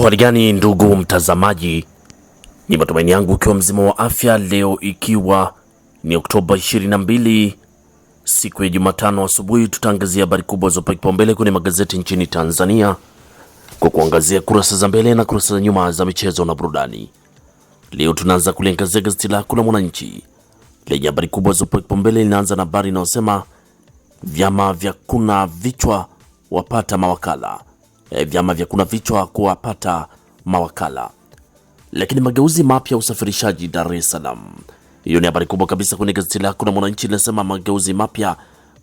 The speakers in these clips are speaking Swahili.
Uhali gani ndugu mtazamaji, ni matumaini yangu ukiwa mzima wa afya leo, ikiwa ni Oktoba 22 siku ya Jumatano asubuhi, tutaangazia habari kubwa zopa kipaumbele kwenye magazeti nchini Tanzania kwa kuangazia kurasa za mbele na kurasa za nyuma za michezo na burudani. Leo tunaanza kuliangazia gazeti lako la Mwananchi lenye habari kubwa zopa kipaumbele. Linaanza na habari inayosema vyama vya kuna vichwa wapata mawakala E, vyama vya kuna vichwa kuwapata mawakala. Lakini mageuzi mapya usafirishaji Dar es Salaam, hiyo ni habari kubwa kabisa kwenye gazeti lako la Mwananchi, linasema mageuzi mapya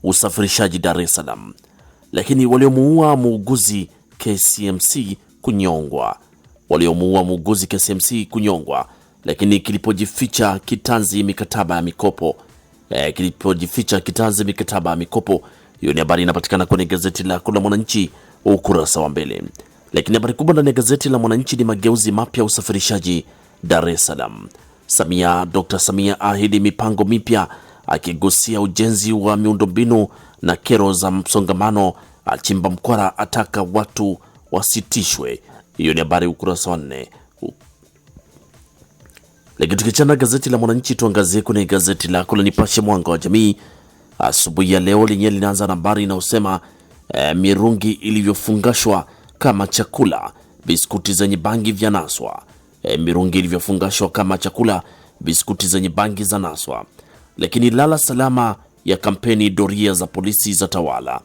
usafirishaji Dar es Salaam. Lakini waliomuua muuguzi KCMC kunyongwa, waliomuua muuguzi KCMC kunyongwa. Lakini kilipojificha kitanzi mikataba ya mikopo eh, kilipojificha kitanzi mikataba ya mikopo. Hiyo ni habari inapatikana kwenye gazeti lako la Mwananchi ukurasa wa mbele. Lakini habari kubwa ndani ya gazeti la Mwananchi ni mageuzi mapya usafirishaji Dar es Salaam. Samia, Dr. Samia ahidi mipango mipya akigusia ujenzi wa miundombinu na kero za msongamano. Achimba mkwara, ataka watu wasitishwe. Hiyo ni habari ukurasa wa nne. Lakini tukichana gazeti la Mwananchi, tuangazie kwenye gazeti lako la Nipashe Mwanga wa Jamii asubuhi ya leo lenyewe linaanza na habari inayosema e, mirungi ilivyofungashwa kama chakula, biskuti zenye bangi vya naswa. E, eh, mirungi ilivyofungashwa kama chakula, biskuti zenye bangi za naswa. Lakini lala salama ya kampeni, doria za polisi za tawala.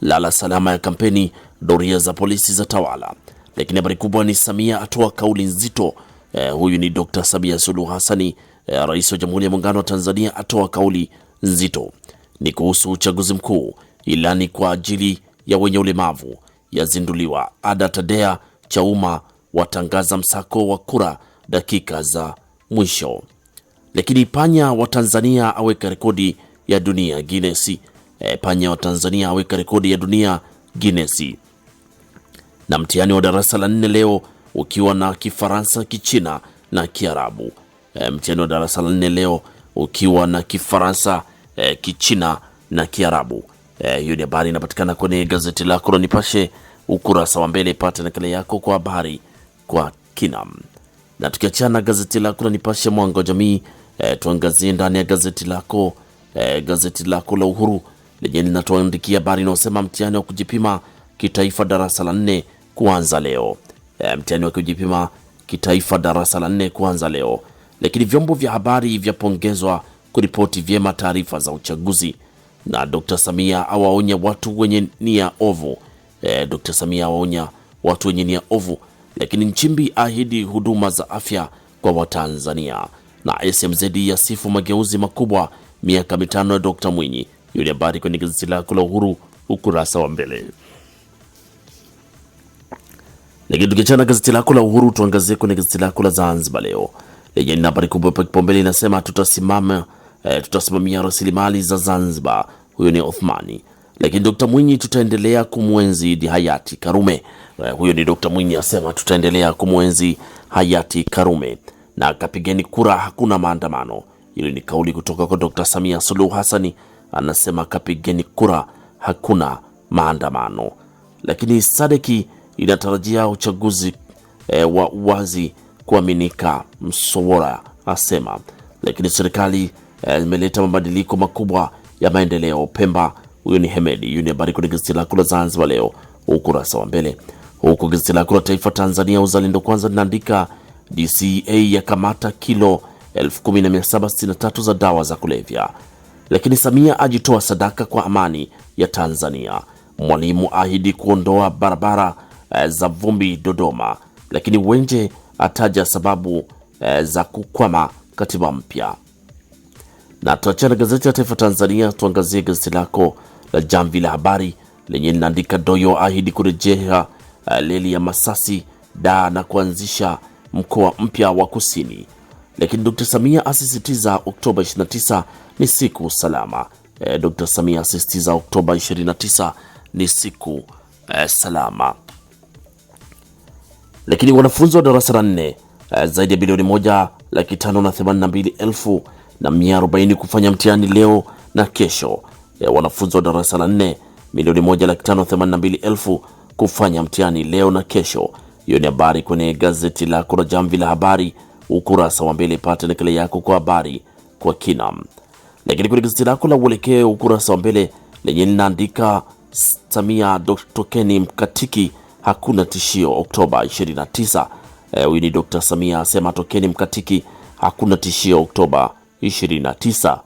Lala salama ya kampeni, doria za polisi za tawala. Lakini habari kubwa ni Samia atoa kauli nzito. E, huyu ni Dr. Samia Suluhu Hassani, e, rais wa Jamhuri ya Muungano wa Tanzania atoa kauli nzito, ni kuhusu uchaguzi mkuu, ilani kwa ajili ya wenye ulemavu yazinduliwa. Ada Tadea umma watangaza msako wa kura dakika za mwisho. Lakini panya wa Tanzania aweka rekodi ya dunia Guinness. E, panya wa Tanzania aweka rekodi ya dunia Guinness. Na mtihani wa darasa la nne leo ukiwa na Kifaransa, Kichina na Kiarabu. E, mtihani wa darasa la nne leo ukiwa na Kifaransa, e, Kichina na Kiarabu. Eh, hiyo e, ni habari inapatikana kwenye gazeti lako la Nipashe ukurasa wa mbele. Pata nakala yako kwa habari kwa kina. Na tukiachana gazeti lako la Nipashe mwanga wa jamii e, tuangazie ndani ya gazeti lako e, gazeti lako la Uhuru lenye linatuandikia habari inayosema mtihani wa kujipima kitaifa darasa la nne kuanza leo. E, mtihani wa kujipima kitaifa darasa la nne kuanza leo. Lakini vyombo vya habari vyapongezwa kuripoti vyema taarifa za uchaguzi na Dr. Samia awaonya watu wenye nia ovu. E, Dr. Samia awaonya watu wenye nia ovu, lakini Nchimbi ahidi huduma za afya kwa Watanzania na SMZ yasifu mageuzi makubwa miaka mitano ya Dr. Mwinyi. Hiyo ni habari kwenye gazeti lako la Uhuru ukurasa wa mbele. Lakini tukiachana gazeti lako la Uhuru, tuangazie kwenye gazeti lako la Zanzibar Leo lenye habari kubwa pa kipaumbele inasema tutasimama e, tutasimamia rasilimali za Zanzibar. Huyo ni Othmani. Lakini Dr. Mwinyi tutaendelea kumwenzi di hayati Karume. E, huyo ni Dr. Mwinyi asema tutaendelea kumwenzi hayati Karume na kapigeni kura, hakuna maandamano. Hili ni kauli kutoka kwa Dr. Samia Suluhu hasani anasema kapigeni kura, hakuna maandamano. Lakini Sadeki inatarajia uchaguzi e, wa uwazi kuaminika, Msowora asema. Lakini serikali zimeleta eh, mabadiliko makubwa ya maendeleo Pemba. Huyo ni Hemedi. Hiyo ni habari kwenye gazeti lako la Zanzibar Leo ukurasa wa mbele, huku gazeti lako la Taifa Tanzania Uzalendo Kwanza linaandika DCA ya kamata kilo 10763 za dawa za kulevya, lakini Samia ajitoa sadaka kwa amani ya Tanzania. Mwalimu ahidi kuondoa barabara eh, za vumbi Dodoma, lakini Wenje ataja sababu eh, za kukwama katiba mpya. Na tuachia na gazeti la Taifa Tanzania, tuangazie gazeti lako la Jamvi la Habari lenye linaandika Doyo ahidi kurejea eh, leli ya Masasi da na kuanzisha mkoa mpya wa kusini, lakini Dr. Samia asisitiza Oktoba 29 ni siku salama. E, eh, Dr. Samia asisitiza Oktoba 29 ni siku e, salama. Lakini wanafunzi wa darasa la nne zaidi ya bilioni moja laki tano na themanini na mbili elfu na 140 kufanya mtihani leo na kesho ya eh, wanafunzi wa darasa la 4 milioni 1,582,000 kufanya mtihani leo na kesho. Hiyo ni habari kwenye gazeti la kura Jamvi la Habari ukurasa wa mbele. pate nakala yako kwa habari kwa kina. Lakini kwenye gazeti lako la Uelekeo ukurasa wa mbele lenye linaandika Samia Dr. tokeni mkatiki, hakuna tishio Oktoba 29. Eh, huyu e, ni Dr. Samia asema tokeni mkatiki, hakuna tishio Oktoba 29 29.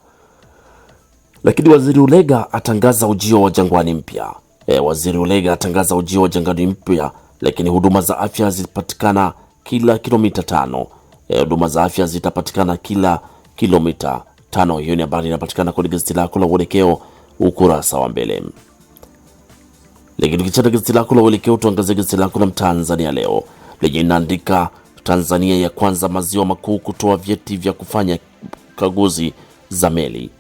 Lakini waziri Ulega atangaza ujio wa Jangwani mpya. E, waziri Ulega atangaza ujio wa Jangwani mpya, lakini huduma za afya zitapatikana kila kilomita tano. E, huduma za afya zitapatikana kila kilomita tano. Hiyo ni habari inapatikana kwenye gazeti lako la Uelekeo ukurasa wa mbele. Lakini kichana gazeti lako la Uelekeo, tuangazie gazeti lako la Mtanzania leo lenye inaandika Tanzania ya kwanza maziwa makuu kutoa vyeti vya kufanya kaguzi za meli.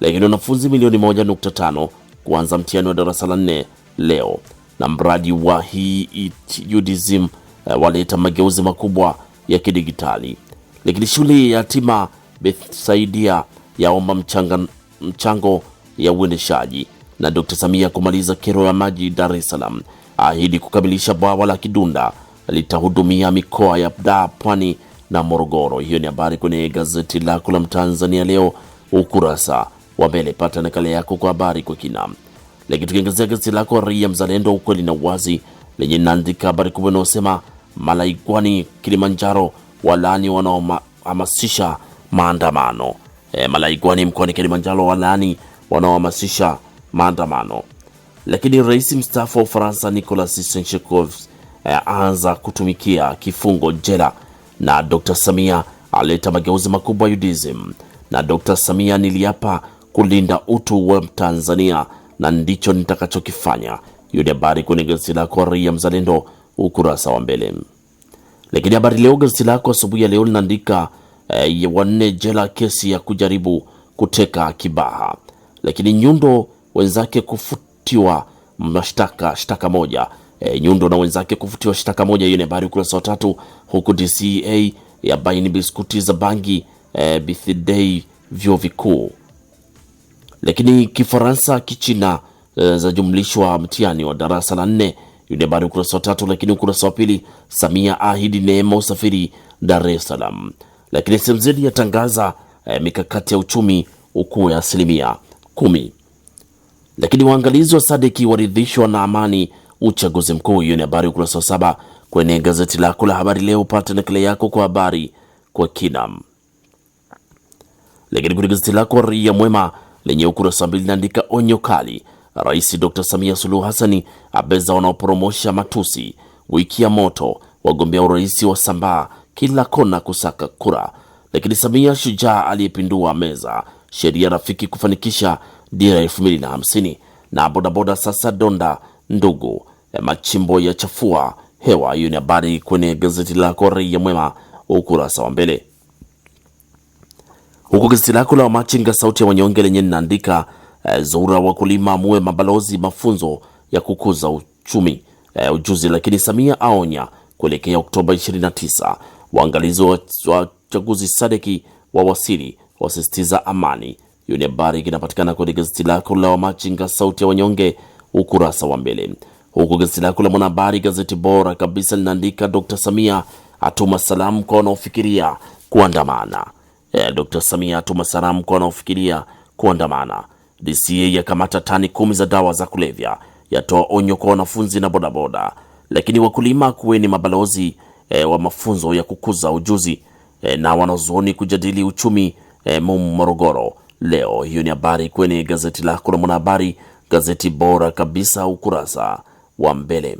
Lakini wanafunzi milioni 1.5 kuanza mtihani wa darasa la nne leo, na mradi wa hii UDSM eh, waleta mageuzi makubwa ya kidigitali. Lakini shule ya yatima Bethsaidia yaomba mchango ya uendeshaji, na Dr. Samia kumaliza kero ya maji Dar es Salaam, ahidi kukamilisha bwawa la Kidunda litahudumia mikoa ya Dar, Pwani na Morogoro. Hiyo ni habari kwenye gazeti lako la Mtanzania leo ukurasa wa mbele. Pata nakala yako kwa habari kwa kina. Lakini tukiangazia gazeti lako Raia Mzalendo, ukweli na uwazi, lenye linaandika habari kubwa inayosema Malaikwani Kilimanjaro walani wanaohamasisha maandamano. E, Malaikwani mkoani Kilimanjaro walani wanaohamasisha maandamano. Lakini rais mstaafu wa Ufaransa Nicolas Sarkozy e, aanza kutumikia kifungo jela na Dr. Samia aleta mageuzi makubwa UDSM, na Dr. Samia niliapa kulinda utu wa Tanzania na ndicho nitakachokifanya. Hiyo ni habari kwenye gazeti lako Raia Mzalendo ukurasa wa mbele. Lakini habari leo gazeti lako asubuhi ya leo linaandika e, wanne jela kesi ya kujaribu kuteka Kibaha, lakini Nyundo wenzake kufutiwa mashtaka shtaka moja. e, Nyundo na wenzake kufutiwa shtaka moja. Hiyo ni habari ukurasa wa tatu huku ya baini biskuti za bangi e, bithidei vyuo vikuu. Lakini Kifaransa, Kichina e, eh, za mtihani wa darasa la nne. Hiyo ni habari ukurasa wa tatu, lakini ukurasa wa pili, Samia ahidi neema usafiri Dar es Salaam. Lakini SMZ yatangaza e, mikakati ya uchumi ukuwe asilimia kumi. Lakini waangalizi wa Sadiki waridhishwa na amani uchaguzi mkuu. Hiyo ni habari ukurasa wa saba kwenye gazeti lako la habari leo, upate nakala yako kwa habari kwa kina. Lakini kwenye gazeti lako Raia Mwema lenye ukurasa mbili linaandika onyo kali, Rais Dr. Samia Suluhu hasani abeza wanaoporomosha matusi, wiki ya moto, wagombea urais wa sambaa kila kona kusaka kura, lakini Samia shujaa aliyepindua meza, sheria rafiki kufanikisha dira 2050 na bodaboda sasa donda ndugu, machimbo ya chafua hewa. Hiyo ni habari kwenye gazeti lako Raia Mwema ukurasa wa mbele, huku gazeti lako la Wamachinga sauti ya wanyonge lenye linaandika e, eh, Zura wakulima muwe mabalozi, mafunzo ya kukuza uchumi e, ujuzi. Lakini Samia aonya kuelekea Oktoba 29, waangalizi wa chaguzi Sadeki wa wasili wasisitiza amani. Hiyo ni habari inapatikana kwenye gazeti lako la Wamachinga sauti ya wanyonge ukurasa wa mbele huku gazeti lako la Mwanahabari, gazeti bora kabisa, linaandika Dr Samia atuma salamu kwa wanaofikiria kuandamana. E, eh, Dr Samia atuma salamu kwa wanaofikiria kuandamana. DCA yakamata tani kumi za dawa za kulevya, yatoa onyo kwa wanafunzi na bodaboda. Lakini wakulima kuweni mabalozi e, wa mafunzo ya kukuza ujuzi e, na wanazuoni kujadili uchumi e, mum Morogoro leo. Hiyo ni habari kwenye gazeti lako la Mwanahabari, gazeti bora kabisa, ukurasa wa mbele.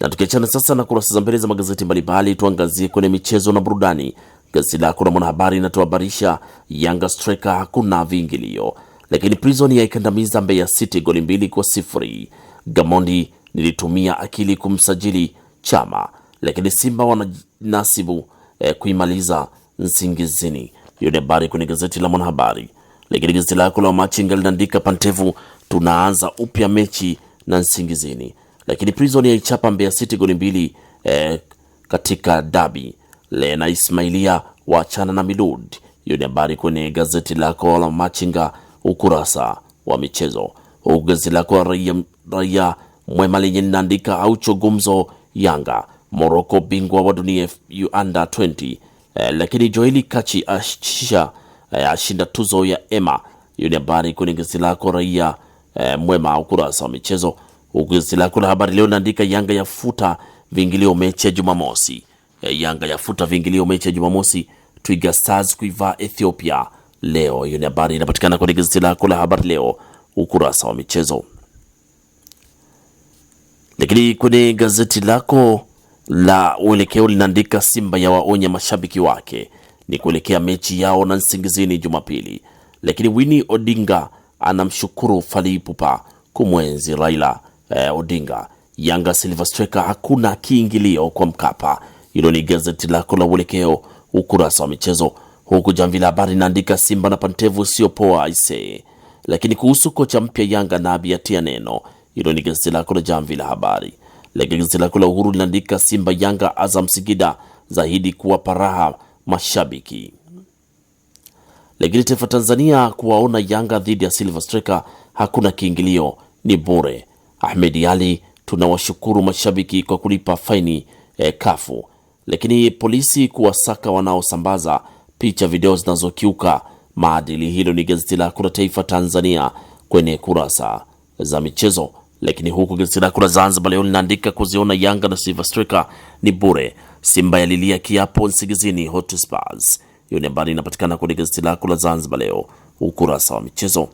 Na tukiachana sasa na kurasa za mbele za magazeti mbalimbali, tuangazie kwenye michezo na burudani. Gazeti lako la Mwanahabari inatuhabarisha Yanga striker hakuna viingilio, lakini Prison yaikandamiza Mbeya City goli mbili kwa sifuri. Gamondi nilitumia akili kumsajili Chama, lakini Simba wananasibu eh, kuimaliza Nsingizini. Hiyo ni habari kwenye gazeti la Mwanahabari, lakini gazeti lako la Machinga linaandika Pantevu tunaanza upya mechi na Nsingizini, lakini Prison yaichapa Mbeya City goli mbili eh, katika dabi. Lena Ismailia waachana na Milud. Hiyo ni habari kwenye gazeti lako la Machinga ukurasa wa michezo, huku gazeti lako Raia, Raia Mwema lenye linaandika Aucho gumzo Yanga Moroko bingwa wa dunia under 20 eh, lakini Joeli Kachi eh, ashinda tuzo ya Ema. Hiyo ni habari kwenye gazeti lako Raia e, mwema ukurasa wa michezo. Gazeti lako la Habari Leo naandika Yanga yafuta viingilio mechi ya Jumamosi. E, Yanga yafuta viingilio mechi ya Jumamosi, Twiga Stars kuivaa Ethiopia leo. Hiyo ni habari inapatikana kwenye gazeti lako la Habari Leo ukurasa wa michezo. Lakini kwenye gazeti lako la Uelekeo linaandika Simba ya waonya mashabiki wake ni kuelekea mechi yao na Nsingizini Jumapili. Lakini Winnie Odinga anamshukuru Falipupa kumwenzi Raila eh, Odinga. Yanga Silver Strikers hakuna kiingilio kwa Mkapa. Hilo ni gazeti lako la Uelekeo ukurasa wa michezo, huku Jamvi la Habari inaandika Simba na Pantevu sio poa ise. lakini kuhusu kocha mpya Yanga na abiatia neno. Hilo ni gazeti lako la Jamvi la Habari. Lakini gazeti lako la Uhuru linaandika Simba Yanga Azam Singida zaidi kuwapa raha mashabiki lakini taifa Tanzania kuwaona Yanga dhidi ya Silver Strikers hakuna kiingilio, ni bure. Ahmed Ali, tunawashukuru mashabiki kwa kulipa faini e, kafu. Lakini polisi kuwasaka wanaosambaza picha, video zinazokiuka maadili. Hilo ni gazeti la la Taifa Tanzania kwenye kurasa za michezo. Lakini huku gazeti la kura Zanzibar Leo linaandika kuziona Yanga na Silver Strikers ni bure. Simba yalilia kiapo Nsingizini Hotspurs. Hiyo ni habari inapatikana kwenye gazeti lako la Zanzibar Leo ukurasa wa michezo.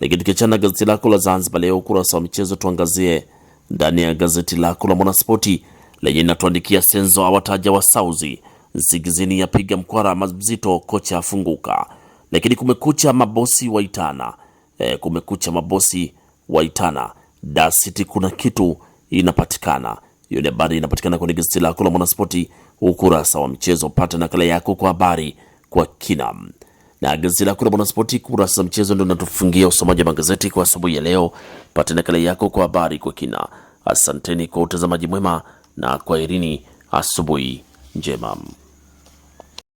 Lakini tukiachana gazeti lako la Zanzibar Leo ukurasa wa michezo, tuangazie ndani ya gazeti lako la Mwanaspoti lenye inatuandikia Senzo awataja wa Sauzi zigizini, yapiga mkwara mazito, kocha afunguka. Lakini kumekucha mabosi waitana e, kumekucha mabosi waitana Da City kuna kitu inapatikana. Hiyo ni habari inapatikana kwenye gazeti lako la Mwanaspoti ukurasa wa michezo. Pata nakala yako kwa habari kwa kina. Na gazeti lako la Mwanaspoti kurasa za mchezo ndio natufungia usomaji wa magazeti kwa asubuhi ya leo. Pata nakala yako kwa habari kwa kina. Asanteni kwa utazamaji mwema na kwaherini, asubuhi njema.